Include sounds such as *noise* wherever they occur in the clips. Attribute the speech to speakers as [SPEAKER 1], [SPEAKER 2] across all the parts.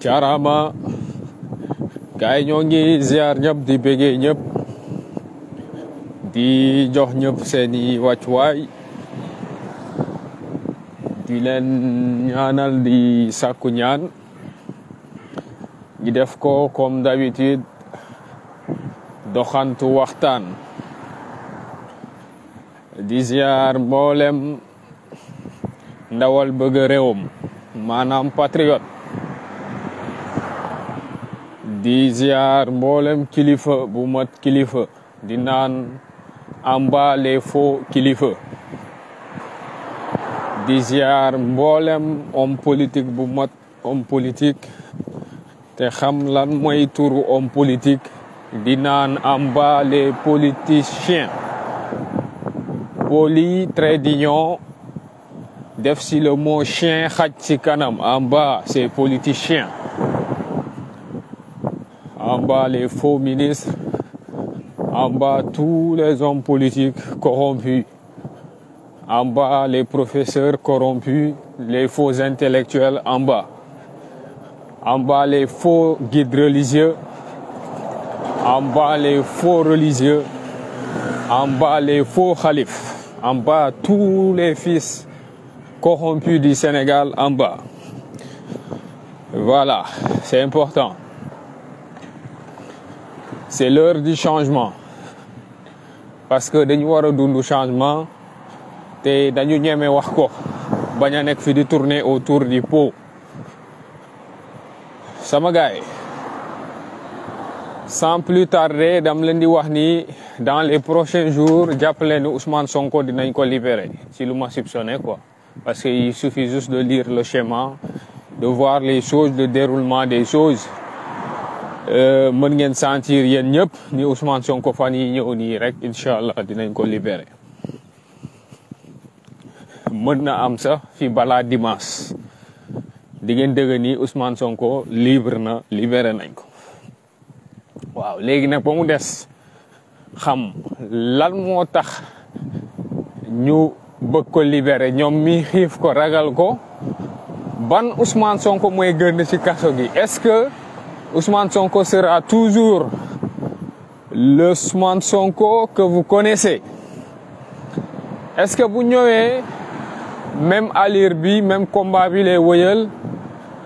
[SPEAKER 1] Charama gaay ñoo ngi ziar ñëpp di béggee di jox ñëpp seeni wàccuwaay di leen ñaanal di sakunyan ñaan ñi def ko comme d'habitude doxantu waxtaan di ziar mboolem ndawal bëgg réewam maanaam patriote diziar mbolem mboolem kilifa bu mat kilifa di en bas les faux kilifa diziar ziar politique bu mat homme politique te xam lan moy turu homme politique di en bas les politiciens poli très d'union def si le mot chien xat ci kanam en bas c'est politicien les faux ministres, en bas tous les hommes politiques corrompus, en bas les professeurs corrompus, les faux intellectuels en bas, en bas les faux guides religieux, en bas les faux religieux, en bas les faux khalifs, en bas tous les fils corrompus du Sénégal en bas. Voilà, c'est important c'est l'heure du changement parce que nous avons a changement Et dañu ñeme wax ko bañ tourner autour du pot sama sans plus tarder dans les prochains jours j'appelle Ousmane Sonko de ko libérer si vous ma soupçonné parce qu'il suffit juste de lire le schéma de voir les choses le déroulement des choses Euh, mën ngeen sentir yéen ñëpp ni Ousmane Sonko fan yi ñëw nii rek incha allah dinañ ko libéré mën na am sax fi balaa dimanche di ngeen dëgg ni Ousmane Sonko libre na libéré nañ ko waaw léegi nag ba mu des xam lan moo tax ñu bëgg ko libéré ñoom mi xiif ko ragal ko ban Ousmane Sonko mooy gën ci kaso gi Ousmane Sonko sera toujours le Ousmane Sonko que vous connaissez. Est-ce que vous avez même à l'Irbi, même combat bi les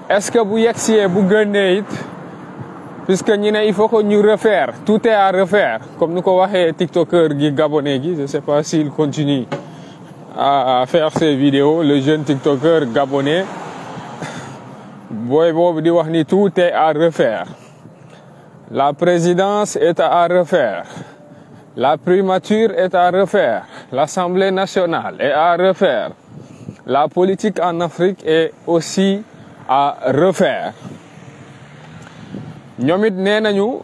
[SPEAKER 1] est-ce que vous y bu puisque nous, il faut que nous refaire tout est à refaire comme nous vu le tiktoker gabonais je ne sais pas s'il continue à faire ses vidéos le jeune tiktoker gabonais tout est à refaire la présidence est à refaire la primature est à refaire l'Assemblée nationale est à refaire la politique en Afrique est aussi à refaire Nous, sommes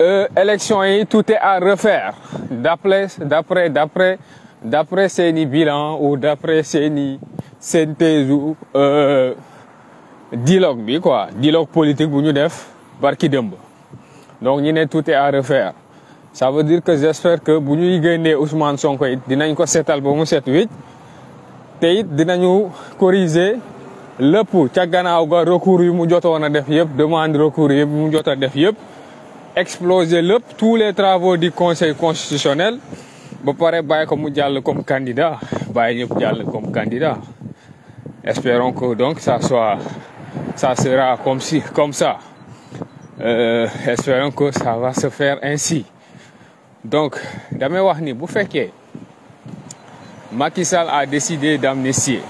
[SPEAKER 1] euh, élection tout est à refaire d'après d'après d'après d'après ni bilan ou d'après ni dialogue bi quoi dialogue politique bu ñu def barki dëmb donc ñi ne tout est à refaire ça veut dire que j'espère que bu ñuy génnee Ousmane Sonko it dinañ ko sétal ba mu sét wicc te it dinañu corriger lepp ci gannaaw ga recours yu mu jotoon a def yépp demande recours yépp mu jot def yépp exploser lepp tous les travaux du conseil constitutionnel ba paré bàyyi ko mu jall comme candidat bàyyi ñëpp jall comme candidat espérons que donc ça soit ça sera comme si, comme ça. Euh, espérons que ça va se faire ainsi. Donc, Dame wax ni bu que Macky Sall a décidé d'amnistier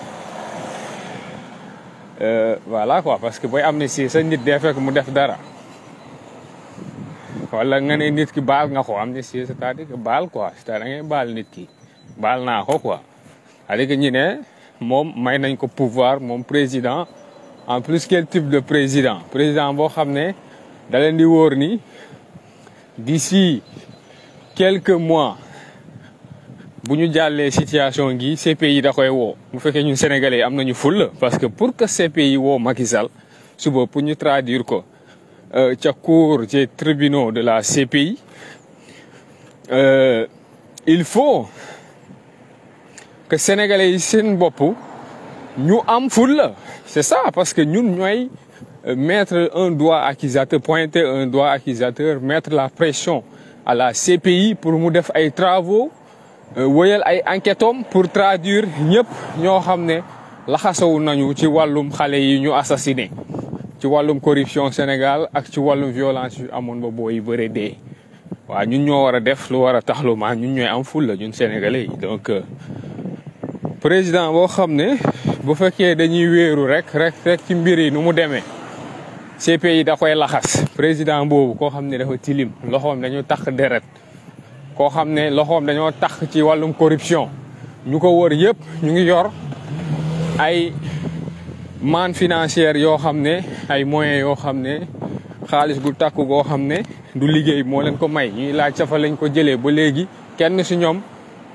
[SPEAKER 1] euh, voilà quoi parce que pour amnistier c'est nit dee fekk mu def dara wala nga ne nit ki Bal nga ko amnistier c'est-à-dire que balle quoi c'est-à-dire que Bal baal nit ki n'a quoi allez que ñi ne moom may nañ ko pouvoir mon président en plus quel type de président président vous xamné dalen di ni d'ici quelques mois buñu à situation gi pays da koy wo bu que ñun sénégalais am nañu parce que pour que CPI wo Macky Sall suba pour ñu traduire ko euh, chaque cour des tribunaux de la CPI euh, il faut que sénégalais yi seen bop ñu am c'est ça, parce que nous, euh, nous, mettre un doigt accusateur, pointer un doigt accusateur, mettre la pression à la CPI pour nous faire des travaux, euh, woyal ay pour traduire nous ñoo xam la laxasawu nañu ci walum xalé yi ñu assassiné ci walum corruption Sénégal ak ci walum violence à amoon ba booy bëre dee waaw ñun ñoo wara a def lu wara nous en ma ñun sénégalais président boo xam ne bu fekkee dañuy wéeru rek rek ci mbir yi nu mu demee CPI da dakoy laxas président boobu koo xam ne dafa tilim loxoom dañoo tax deret koo xam ne loxoom dañoo tax ci wàllum corruption ñu ko wër yëpp ñu ngi yor ay manne financière yoo xam ne ay moyens yoo xam ne xaalis gu takk goo xam ne du liggéey moo leen ko may ñuy laaj safa lañ ko jëlee ba léegi kenn si ñoom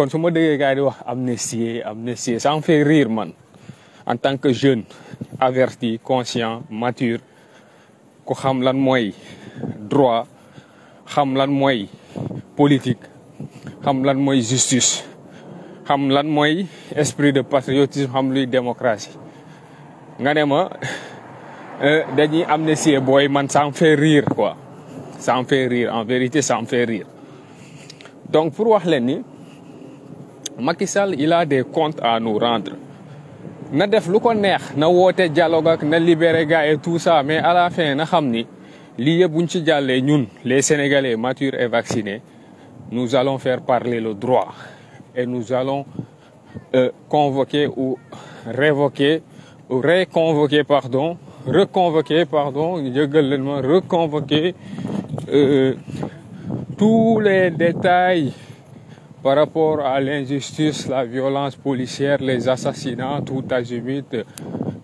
[SPEAKER 1] kon su ma déggee di wax amnistie amnistie ça me fait rire man en tant que jeune averti conscient mature ko xam lan moy droit xam lan moy politique xam lan moy justice xam lan moy esprit de patriotisme xam luy démocratie nga ne ma *laughs* euh, dañuy amnistie boy man ça me fait rire quoi ça me fait rire en vérité ça me fait rire donc pour wax len ni Macky Sall il a des comptes à nous rendre na def lu ko neex na des dialogue nous na libérer, gars et tout ça mais à la fin na xam ni les buñ ci ñun les Sénégalais matures et vaccinés nous allons faire parler le droit et nous allons euh, convoquer ou révoquer ou réconvoquer pardon reconvoquer pardon jëgal reconvoquer euh, tous les détails par rapport à l'injustice, la violence policière, les assassinats, tout azimut,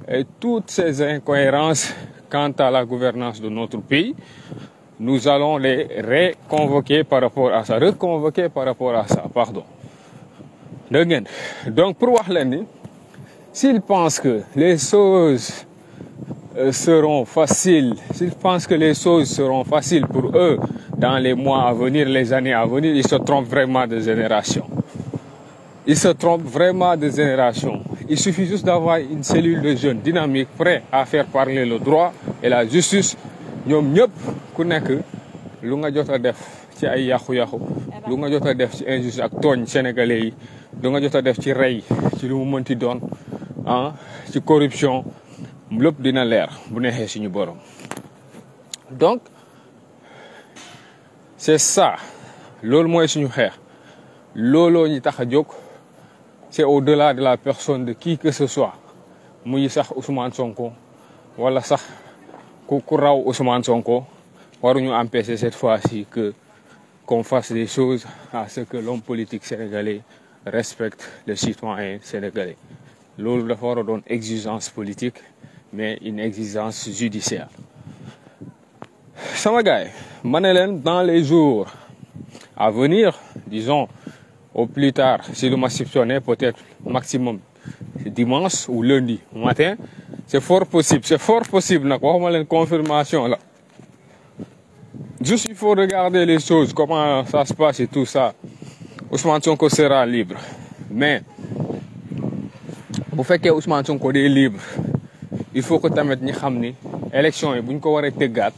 [SPEAKER 1] et toutes ces incohérences quant à la gouvernance de notre pays, nous allons les reconvoquer par rapport à ça, reconvoquer par rapport à ça, pardon. Donc, pour Wahlani, s'il pense que les choses euh, seront faciles, s'ils pensent que les choses seront faciles pour eux dans les mois à venir, les années à venir, ils se trompent vraiment de génération. Ils se trompent vraiment de génération. Il suffit juste d'avoir une cellule de jeunes dynamiques prêts à faire parler le droit et la justice lépp dina leer bu neexee suñu borom donc c'est ça loolu mooy suñu xeex looloo ñu tax a jóg c'est au-delà de la personne de qui que ce soit muy sax Ousmane Sonko wala sax ku ku raw Ousmane Sonko waruñu empêcher cette fois-ci que qu'on fasse des choses à ce que l'homme politique sénégalais respecte le citoyen sénégalais loolu dafa war a doon exigence politique mais une exigence judiciaire sama dans les jours à venir disons au plus tard si le massif peut-être au maximum dimanche ou lundi matin c'est fort possible c'est fort possible nag une une confirmation là juste il faut regarder les choses comment ça se passe et tout ça Ousmane Sonko sera libre mais bu que Ousmane Sonko est libre il faut que tamit ñi xamni ni élection yi buñ ko waree tëggaat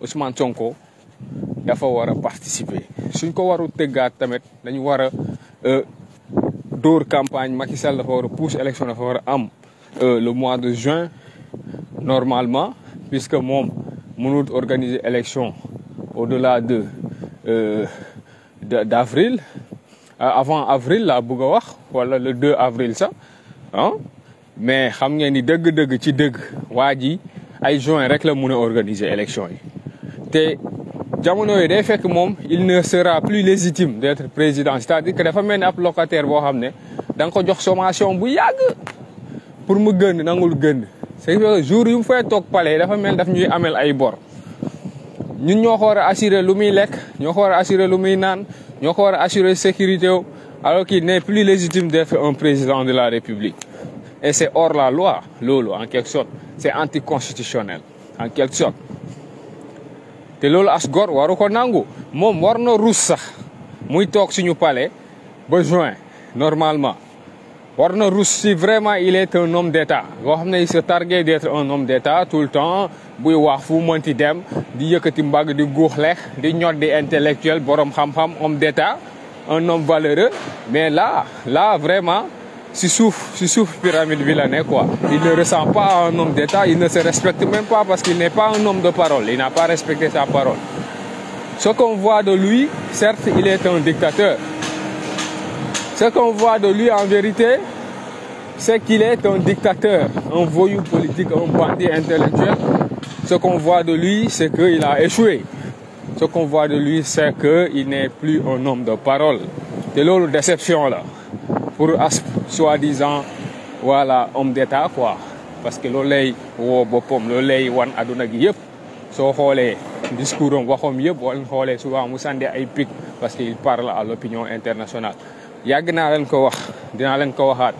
[SPEAKER 1] Ousmane Sonko dafa wara participer suñ ko waru tëggaat tamit dañu wara euh dóor campagne Macky Sall dafa war a pousse élection dafa war a am euh, le mois de juin normalement puisque mom mënul organiser élection au-delà de euh, d'avril euh, avant avril la bëgg a wax wala le 2 avril ça. hein mais xam savez, ni deug deug ci deug waji ay joint rek la organiser élection yi te jamono yi day fekk il ne sera plus légitime d'être président c'est-à-dire que dafa mel ni ab locataire bo xamné ne da nga ko jox sommation bu yàgg pour mu gënn nangul gënn c'est que jour yu fay tok palais dafa mel daf ñuy amel ay bor ñun ñoo ko assurer lu muy nous ñoo assurer lu muy nan, ñoo ko assurer sécurité alors qu'il n'est plus légitime d'être un président de la république et c'est hors la loi, lolo, en quelque sorte. C'est anticonstitutionnel, en quelque sorte. te loolu as gor waru ko nangu moom russe... na muy toog suñu palais besoin, normalement warno na si vraiment il est un homme d'état il se targue d'être un homme d'état tout le temps buy wax fu mënti dem di yëkkati mbagg di guux di ñor di intellectuel borom xam-xam homme d'état un homme valeureux mais là là vraiment si souffle, pyramide Villanais, quoi. Il ne ressent pas à un homme d'État, il ne se respecte même pas parce qu'il n'est pas un homme de parole, il n'a pas respecté sa parole. Ce qu'on voit de lui, certes, il est un dictateur. Ce qu'on voit de lui en vérité, c'est qu'il est un dictateur, un voyou politique, un bandit intellectuel. Ce qu'on voit de lui, c'est qu'il a échoué. Ce qu'on voit de lui, c'est qu'il n'est plus un homme de parole. C'est l'autre déception là pour Asp, soi-disant voilà homme d'état quoi parce que le lay Bopom, l'olé, on a wan aduna gi yëpp soo le discours wahom yep, on wala souvent mu sànni ay parce qu'il parle à l'opinion internationale Yagna naa leen ko wax dinaa leen ko waxaat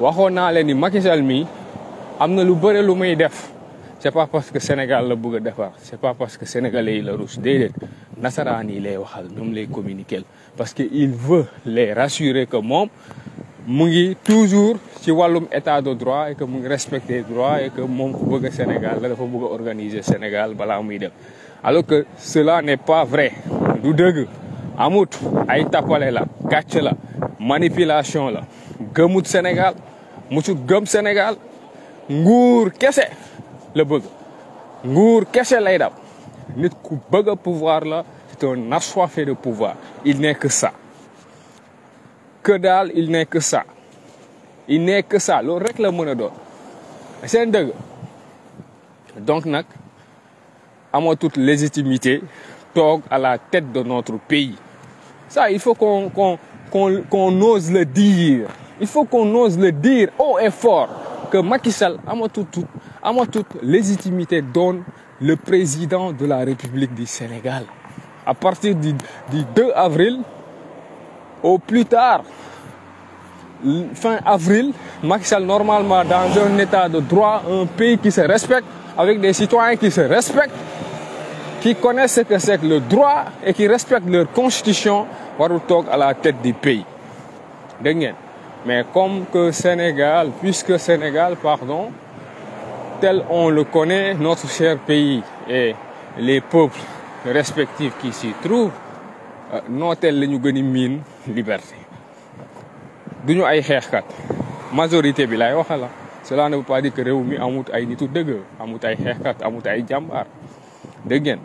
[SPEAKER 1] waxoon ni mi am lu def c'est pas parce que Sénégal la bëgg a c'est pas parce que sénégalais yi la russe déedéet nasaraan yi lay waxal ñoom lay communiquer parce que il veut les rassurer que mon, mu ngi toujours ci wàllum état de droit et que mu respecte les droits et que mon bouge bëgg Sénégal la dafa bëgg organiser Sénégal balaa muy dem alors que cela n'est pas vrai du dëgg amut ay tappale la gàcc la manipulation la gëmut Sénégal musul gëm Sénégal nguur kese le bug. nguur kessé lay daw nit ku bëgg pouvoir la c'est un assoiffé de pouvoir il n'est que ça que dalle il n'est que ça il n'est que ça le rek la C'est un donc nak amo toute légitimité à la tête de notre pays ça il faut qu'on qu'on qu'on ose le dire il faut qu'on ose le dire haut et fort que Macky Sall toute, tout à moi toute légitimité donne le président de la République du Sénégal. À partir du, 2 avril, au plus tard, fin avril, Macky normalement, dans un état de droit, un pays qui se respecte, avec des citoyens qui se respectent, qui connaissent ce que c'est que le droit et qui respectent leur constitution, Warutok à la tête du pays. Mais comme que Sénégal, puisque Sénégal, pardon, tel on le connaît, notre cher pays et les peuples respectifs qui s'y trouvent, euh, nooteel la ñu gën liberté du ñu ay majorité bi laay waxala cela ne veut pas dire que réew mi amut ay nitu dëgg amut ay xeexkat amut ay jàmbaar dégg ngeen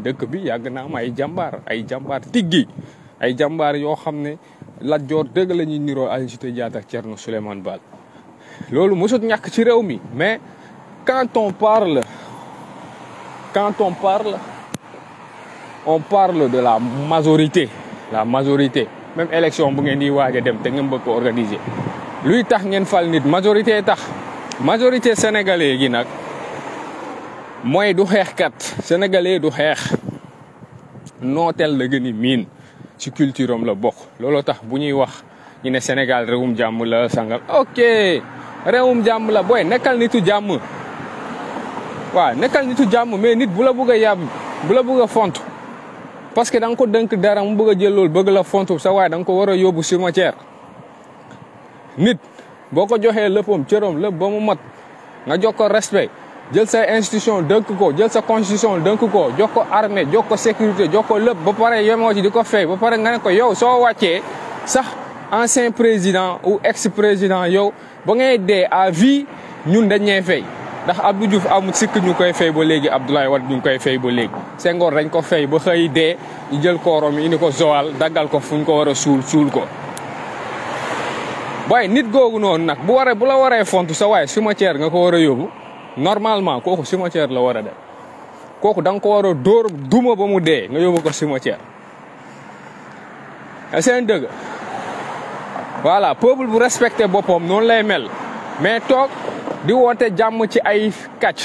[SPEAKER 1] dëkk bi yàgg na jambar, ay jambar ay jàmbaar tiggi ay jambar yo xam la Lat deug lañu niro ñuy niroo Aline Sitoé Diatta ak Thierno Souleymane Baal loolu ci rew mi mais quand on parle, quand on parle, on parle de la majorité, la majorité. Même élection, vous avez dit que vous organiser. Lui, tax ngeen fal nit majorité tax majorité sénégalais gi nag mooy du xeexkat sénégalais du her. nooteel la gën a miin ci culture la bokk Lolo tax bu ñuy wax ñu ne Sénégal réewum jàmm la sangam ok réewum jàmm la booy nekkal nitu jàmm. waaw nekkal nitu jàmm mais nit bu la bëgg a yàbb bu la bëgg a font parce que da nga ko dënk dara mu bëgg a jël loolu bëgg la fontu sa waaye da ko war a si cimetière nit boo ko joxee léppam cëram lépp ba mu mat nga jox ko respect jël sa institution dënk ko jël sa constitution dënk ko jox ko armée jox ko sécurité jox ko lépp ba pare yemoo ci di ko fay ba pare nga ne ko yow soo wàccee sax ancien président u ex président yow ba ngay dee à vie ñun dañ ñee ndax Abdou Diouf amul sikk ñu koy fay ba léegi Abdoulaye Wade ñu ngi koy fay ba léegi Senghor dañ ko fay ba xëy dee ñu jël koorom yi indi ko Joal daggal ko fu ñu ko war a suul suul ko waaye nit googu noonu nag bu waree bu la waree font sa waaye cimetière nga ko war a yóbbu normalement kooku cimetière la war a dem kooku da nga ko war a dóor duma ba mu dee nga yóbbu ko cimetière seen dëgg voilà peuple bu respecté boppam noonu lay mel mais toog di woote jàmm ci ay kàcc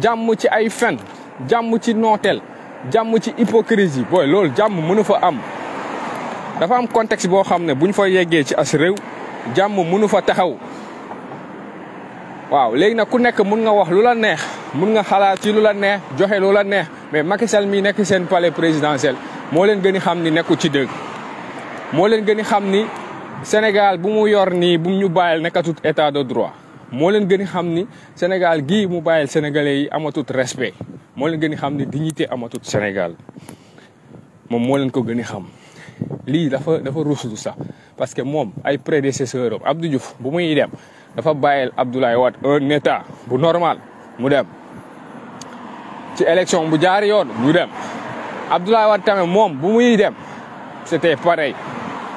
[SPEAKER 1] jàmm ci ay fen jàmm ci nooteel jàmm ci hypocrisie booy loolu jàmm mënu fa am dafa am contexte boo xam ne bu ñu fa yeggee ci as réew jàmm mënu fa taxaw waaw léegi nag ku nekk mun nga wax lu la neex mun nga xalaat ci lu la neex joxe lu la neex mais Macky Sall mii nekk seen palais présidentiel moo leen gën a xam ni nekku ci dëgg moo leen gën a xam ni Sénégal bu mu yor nii bu mu ñu bàyyil nekkatut état de droit moo leen gën xam ni Sénégal gii mu bàyyil sénégalais yi amatut respect moo leen gëni xam ni dignité amatut Sénégal moom moo leen ko gëni xam lii dafa dafa ruslu sax parce que moom ay prédécesseur am Abdou Diouf bu muy dem dafa bàyyil Abdoulaye wat un état bu normal mu dem ci élection bu jaar yoon mu dem Abdoulaye wat tamit moom bu muy dem c'était pareil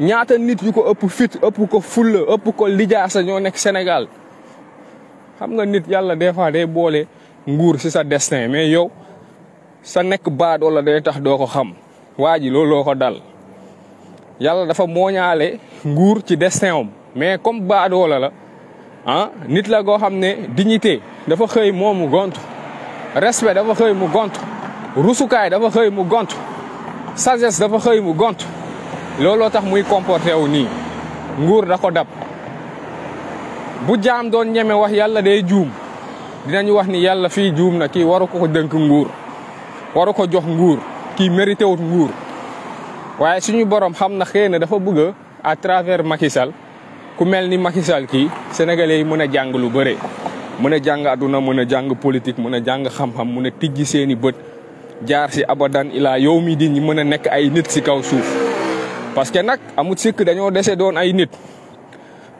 [SPEAKER 1] ñaata nit yu ko ëpp fit ëpp ko fulla ëpp ko lijaasa ñoo nekk senegal xam nga nit yàlla des fois day boole nguur si sa destin mais yow sa nekk baadoo la day tax doo ko xam waa ji looloo ko dal yàlla dafa mooñaale nguur ci destin am mais comme baadoo la ah nit la goo xam ne dignité dafa xëy moomu gont respect dafa xëy mu gont rusukaay dafa xëy mu gont sages dafa xëy mu gont lolo tax muy comporté wu nii nguur da ko dab bu jam don ñeme wax yàlla day juum dinañu wax ni yalla fi juum na ki waru ko dënk nguur waru ko jox nguur ki mérité wut nguur waaye suñu borom xam na xëy na dafa bëgg à travers Macky Sall ku mel ni Macky Sall kii sénégalais yi mën lu aduna mën a politique mën a xam-xam mën tijji seeni jaar abadan ila yow din di ñi mën a ay nit kaw suuf parce que amut sikk dañoo dese doon ay nit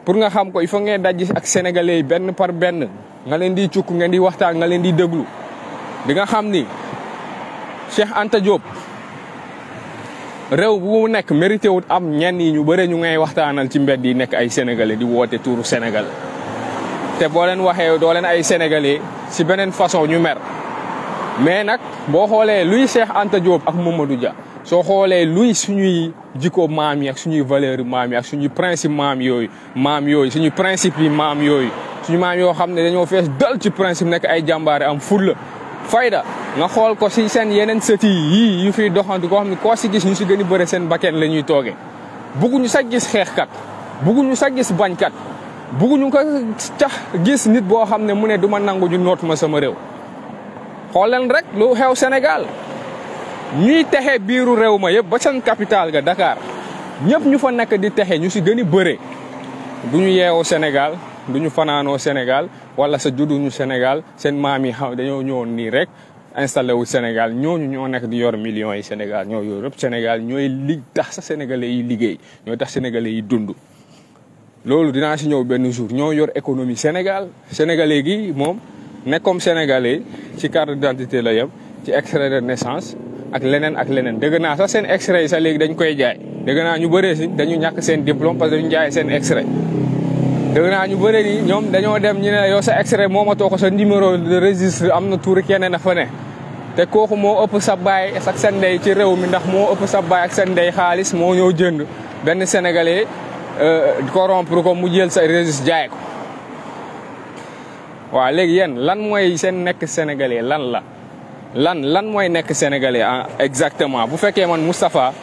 [SPEAKER 1] pour nga xam ko il faut ngeen daj ak sénégalais benn par benn nga leen di cukk ngeen di waxtaan nga di deglu di nga xam ni cheikh anta job réew bu mu nek mérité wut am ñenn yi ñu bëre ñu ngay waxtaanal ci mbedd yi nekk ay sénégalais di woote tuuru sénégal te boo leen waxee doo leen ay sénégalais si benen façon ñu mer mais nag boo xoolee luy cheikh anta diop ak mamadou dia so xoolee luy suñuy jiko maam yi ak suñuy valeur maam yi ak suñuy principe maam yooyu maam yooyu suñuy principe yi maam yooyu suñu maam yoo xam ne dañoo fees dal ci principe nekk ay am fulla fayda nga xool ko si seen yenen seti yii yu fiy doxantu koo xam ne koo si gis ñu si gën a bëre seen bakken la ñuy toogee bugguñu sa gis xeexkat bugguñu sa gis bañkat bugguñu ko tax gis nit bo xam mu ne du nangu ñu ma sama réew xool leen rek lu xew Sénégal ñuy texe biiru réew ma yëpp ba seen capital ga Dakar ñëpp ñu fa nekk di texe ñu si gën a bëre du ñu yeewu Sénégal du ñu fanaanoo Sénégal wala sa judduñu Sénégal seen maam yi xam dañoo ñëwoon nii rek installé wu Sénégal ñooñu ñoo nekk di yor millions yi Sénégal ñoo yor yëpp Sénégal ñooy li tax sa sénégalais yi liggéey ñooy tax sénégalais yi dund. loolu dinaa si ñëw benn jour ñoo yor économie Sénégal sénégalais gi moom nekk comme sénégalais ci carte d'identité la yem ci extrait de ak leneen ak leneen dëgg naa sax seen extrait yi sax léegi dañ koy jaay dëgg naa ñu bëree si dañu ñàkk seen diplôme parce que dañu jaay seen extrait dëgg naa ñu bëree ñoom dañoo dem ñu ne yow sa extrait moo ma too ko sa numéro de registre am na tuuri keneen a ne te kooku moo ëpp sa baay ak seen ndey ci réew mi ndax moo ëpp sa baay ak seen ndey xaalis moo ñëw jënd benn sénégalais euh, corrompre ko mu jël sa registre jaay ko waaw léegi yéen lan mooy seen nekk sénégalais lan la lan lan moy sénégalais ah, exactement bu féké man Moustapha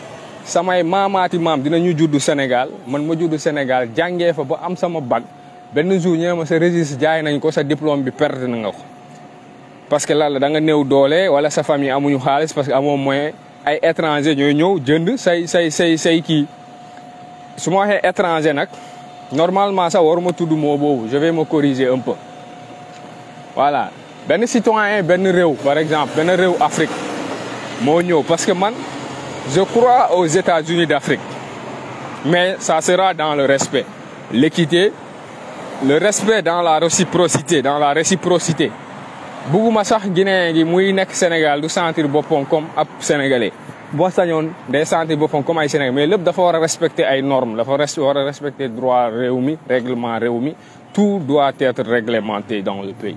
[SPEAKER 1] samay mère dinañu du Sénégal man Sénégal Je fa un am sama bac un jour Je sa registre jaay nañ ko sa diplôme bi un na nga ko. parce que là, da nga doolé wala sa famille amuñu parce que amo moyen ay étranger ñoy ñëw jënd say say say say étranger normalement waruma tudd mo je vais me corriger un peu voilà ben citoyen ben réew par exemple ben réew Afrique mo parce que man je crois aux États-Unis d'Afrique mais ça sera dans le respect l'équité le respect dans la réciprocité dans la réciprocité bugguma sax Guinéen gi muy nek Sénégal du sentir boppam comme ab sénégalais bo sañoon des sentir comme ay sénégalais mais lepp dafa wara respecter les normes dafa wara respecter droit droits règlement règlements tout doit être réglementé dans le pays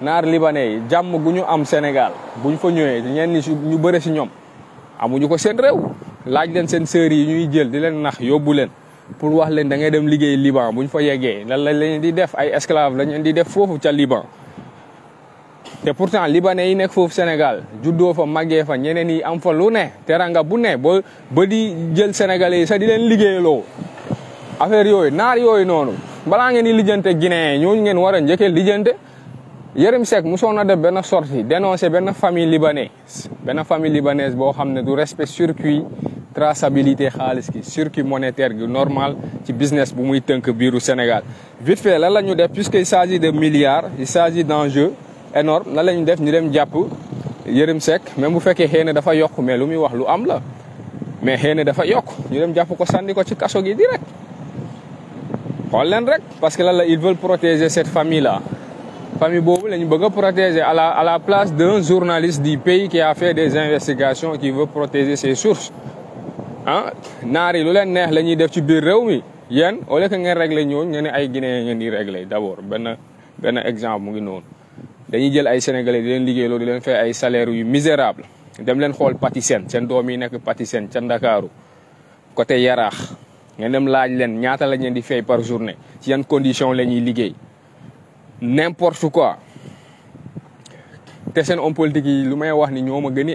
[SPEAKER 1] naar libanais yi jàmm gu ñu am Sénégal buñ fa ñëwee ñenn ñu bëre si ñoom amuñu ko seen réew laaj leen seen sœurs yi ñuy jël di leen nax yóbbu leen pour wax leen da ngay dem liggéey Liban buñ fa yeggee lan lañ leen di def ay esclave lañ leen di def foofu ca Liban. te pourtant libanais yi nekk foofu Sénégal juddoo fa màggee fa ñeneen yi am fa lu ne teranga bu ne ba ba di jël sénégalais yi sax di leen liggéeyaloo affaire yooyu naar yooyu noonu balaa ngeen di lijjante Guinée ñooñu ngeen war a njëkkee lijjante Yérim Sek, musoon na def benn sortie dénoncer benn famille libanaise benn famille libanaise boo xam du respect circuit traçabilité xaalis circuit monétaire normal ci business bu muy tënk biiru Sénégal. vite fait lan la ñu def puisqu'il s'agit de milliards il s'agit d'enjeux énormes Là, la nous def ñu dem jàpp Yérim Sek, même bu fekkee xëy na dafa yokk mais lu muy wax lu am la mais xëy na dafa yokk ñu dem jàpp ko sànni ko ci kaso gi direct xool rek parce que là, la ils veulent protéger cette famille là famille boobu la ñu bëgg a protéger à la à la place d'un journaliste du pays qui a fait des investigations qui veut protéger ses sources Hein? Ah, N'ari, yi lu leen neex la ñuy def ci biir réew mi yéen au lieu que ngeen régler ñooñu ngeen ne ay Guinéen ngeen di régler d'abord ben ben exemple mu ngi noonu dañuy jël ay sénégalais di leen liggéeyloo di leen fay ay salaires yu misérable dem leen xool Patisen seen doom yi nekk Patisen ca côté Yaraax ngeen dem laaj leen ñaata lañ leen di fay par journée ci yan condition la ñuy liggéey n'importe quoi Les hommes politiques politique sont lu may ni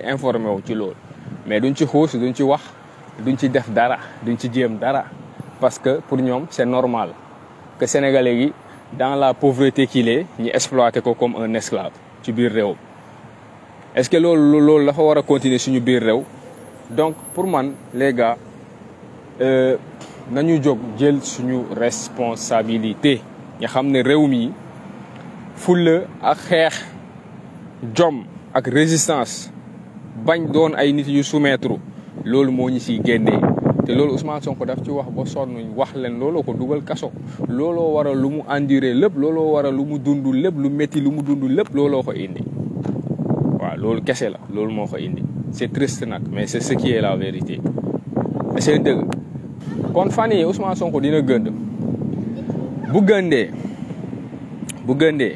[SPEAKER 1] mais ils ci xuus duñ ci wax duñ ci def dara duñ ci parce que pour nous, c'est normal que sénégalais yi dans la pauvreté qu'il est ils exploité comme un esclave ci biir est-ce que loolu loolu dafa continuer sur biir donc pour moi les gars nous avons une responsabilité nous avons une fulla ak xex jom ak résistance bagn doon ay nit yu soumettre loolu moo ñu siy génnee te loolu Ousmane Sonko daf ci wax ba sonu wax len looloo ko dugal kasso looloo waral lu mu enduré lépp wara waral lu mu dund lépp lu metti lu mu dund lépp ko indi wa loolu kessé la loolu moko ko indi c'est triste n'ak mais c'est ce qui est la vérité c'est dëgg kon fan Ousmane Sonko dina gënd bu gëndé bu gëndé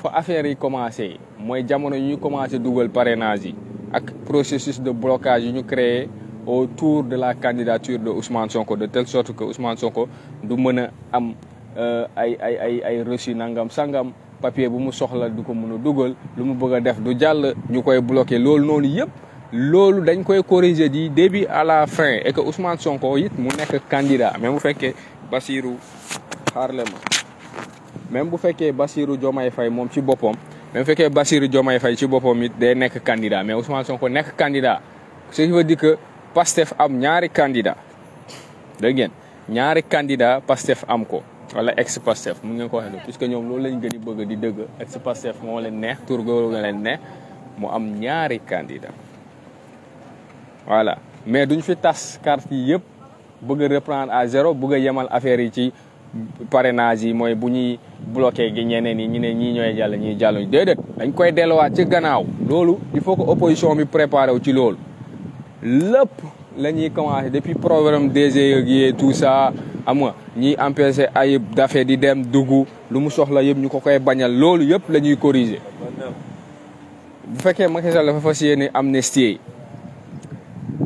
[SPEAKER 1] fa affaire yi commencé mooy jamono yu ñu commencé dugal parrainage yi ak processus de blocage yu ñu créé autour de la candidature de Ousmane Sonko de telle sorte que Ousmane Sonko du mën a am euh, ay ay ay ay reçu nangam sangam papier bu mu soxla du ko mën a dugal lu mu bëgg a def du jàll ñu koy bloqué loolu noonu yëpp loolu dañ koy corriger di début à la fin et que Ousmane Sonko it mu nekk candidat mais mu fekkee Basirou xaarle ma même bu fekkee Bassirou Diomaye Faye mom ci boppam même bu fekkee Bassirou Diomaye Faye ci boppam kandida. day nekk candidat mais Ousmane Sonko nekk candidat ce qui veut dire que Pastef am ñaari candidat dégg ngeen ñaari candidat Pastef am ko wala ex Pastef mun ngeen ko waxee puisque ñoom di lañ bëgg di dëgg ex Pastef moo leen neex tur googu leen neex mu am ñaari candidat voilà mais duñ fi tas carte yi yëpp bëgg reprendre à zéro bëgg yemal affaire yi ci parrainage yi mooy bu ñuy bloqué gi ñeneen ñi ñu ne ñii ñooy jàll ñii jàlluñ déedéet dañ koy delluwaat ci gannaaw loolu il faut que opposition mi préparé wu ci loolu lépp lañuy ñuy commencé depuis programme DG yi tout ça am nga ñiy empêché Ayib Daffé di dem dugg lu mu soxla yëpp ñu ko koy bañal loolu yëpp la ñuy corriger bu fekkee Macky Sall dafa fas yéene amnistie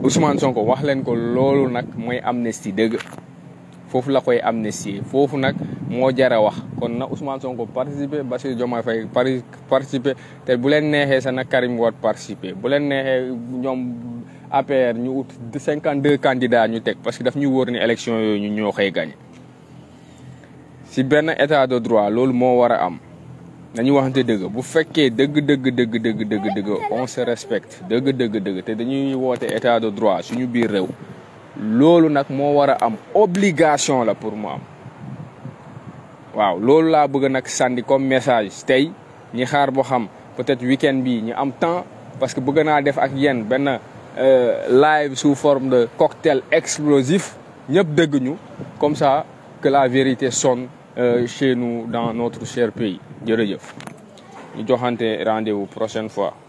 [SPEAKER 1] Ousmane Sonko wax leen ko loolu nag mooy amnistie dëgg foofu la koy amnistie foofu nag moo jara wax kon na Ousmane Sonko participer Bassirou Diomaye Faye participer te bu leen neexee sa nag Karim Wade participer bu leen neexee ñoom APR ñu ut cinquante deux candidats ñu teg parce que daf ñu wóor ni élection yooyu ñu ñoo xëy gagné si benn état de droit loolu moo war a am nañu waxante dëgg bu fekkee dëgg dëgg dëgg dëgg dëgg dëgg respecte dëgg dëgg te dañuy woote état de droit suñu biir réew lolu nak mo wara am obligation la pour moi. waaw lolu la bëgg nak sànni comme message tay ñi xaar boo xam peut-être week-end bii ñu am temps parce que bëgg na def ak ben euh, live sous forme de cocktail explosif ñep dégg ñu comme ça que la vérité sonne euh, chez nous dans notre cher pays jërëjëf ñu joxante rendez-vous prochaine fois